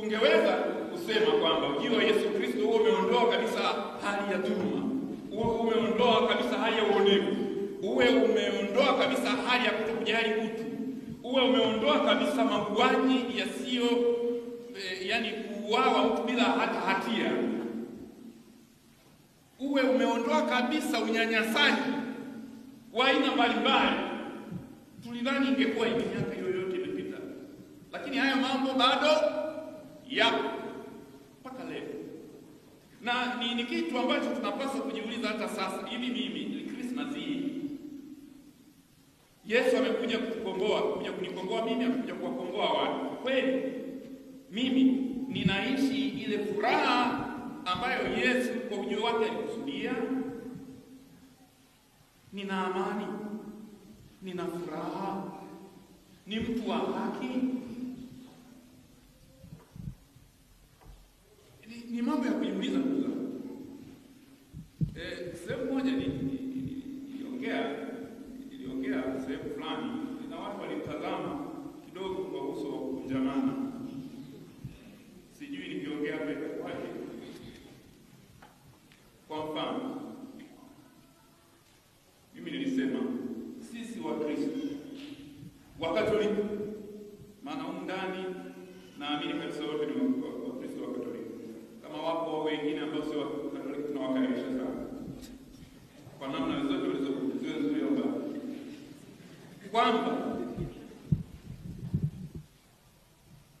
tungeweza kusema kwamba ujio wa Yesu Kristo huo umeondoa kabisa hali ya dhuluma, huo umeondoa kabisa hali ya uonevu, uwe umeondoa kabisa hali ya kutokujali utu, uwe umeondoa kabisa mauaji yasiyo e, yani kuuawa mtu bila hata hatia, uwe umeondoa kabisa unyanyasaji wa aina mbalimbali. Tulidhani ingekuwa miaka yoyote imepita, lakini hayo mambo bado yapo mpaka leo, na ni, ni kitu ambacho tunapaswa kujiuliza hata sasa hivi. Mimi Christmas hii Yesu amekuja kutukomboa, kuja kunikomboa mimi, amekuja kuwakomboa watu kweli. Mimi ninaishi ile furaha ambayo Yesu kwa ujio wake alikusudia. Nina amani, nina furaha, ni mtu wa haki naamini kabisa wote ni Wakristo wa Katoliki. Kama wapo wengine ambao sio Wakatoliki, tunawakaribisha sana kwa namna zote zilizo nzuri kwamba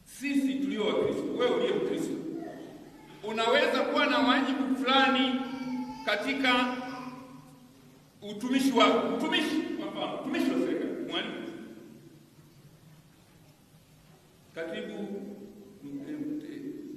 sisi tulio Wakristo, wewe uliye Mkristo unaweza kuwa na wajibu fulani katika utumishi wako, utumishi kwa mfano, utumishi wa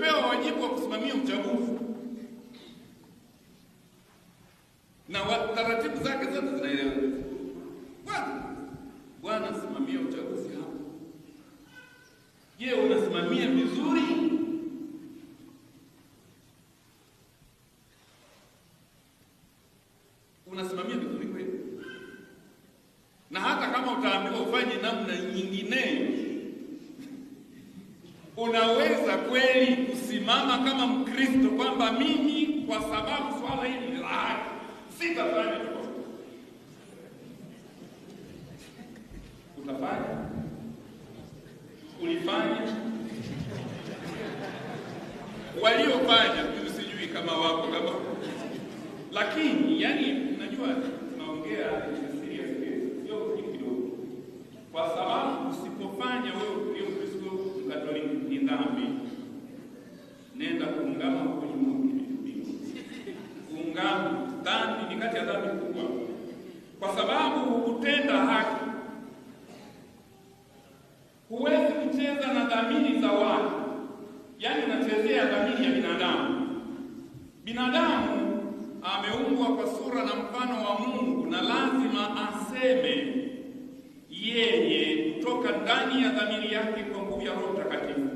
tumepewa wajibu wa kusimamia uchaguzi na taratibu zake zote zinaelewa. Kwanza bwana, simamia uchaguzi hapo. Je, unasimamia vizuri? Unasimamia vizuri kweli? Na hata kama utaambiwa ufanye namna nyingine, unaweza kweli kusimama kama Mkristo kwamba mimi kwa sababu swala hili ni la haki sitafanya Utafanya? Ulifanya? Waliofanya sijui kama wako kama, lakini yani, najua kati ya dhambi kubwa, kwa sababu hukutenda haki. Huwezi kucheza na dhamiri za watu, yaani unachezea dhamiri ya binadamu. Binadamu ameumbwa kwa sura na mfano wa Mungu na lazima aseme yeye kutoka ndani ya dhamiri yake kwa nguvu ya Roho Mtakatifu.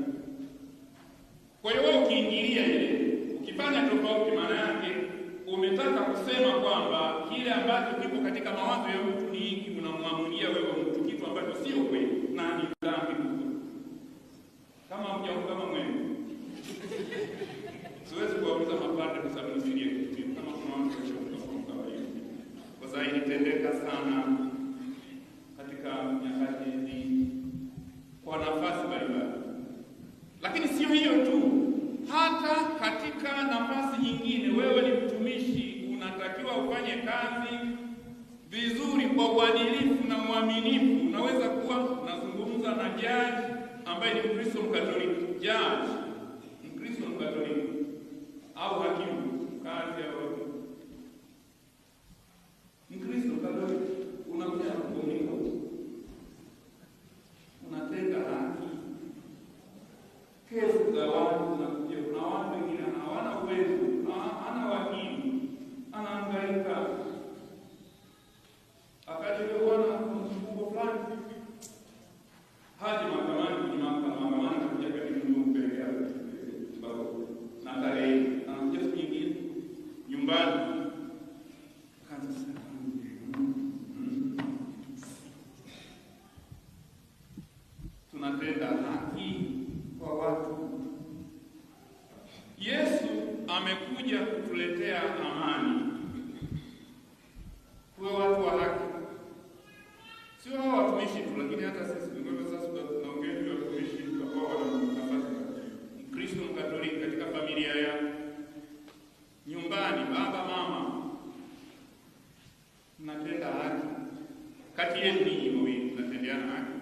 Kwa hiyo wewe ukiingilia ile ukifanya tofauti, maana yake umetaka kusema kwamba kile ambacho kipo katika mawazo ya mtu ni hiki, unamwamulia wewe mtu kitu ambacho sio kweli na ni dhambi kubwa, kama mja kama mwene katika nafasi nyingine, wewe ni mtumishi, unatakiwa ufanye kazi vizuri kwa uadilifu na uaminifu. Unaweza kuwa unazungumza na jaji ambaye ni Mkristo Mkatoliki, jaji tunatenda haki kwa watu. Yesu amekuja kutuletea amani, tuwe watu wa haki, sio hao watumishi tu, lakini hata sisi wenyewe. Sasa tunaongea juu ya watumishi ambao wanafanya Mkristo Mkatoliki katika familia ya nyumbani, baba mama, natenda haki kati yenu ninyi wawili, mnatendeana haki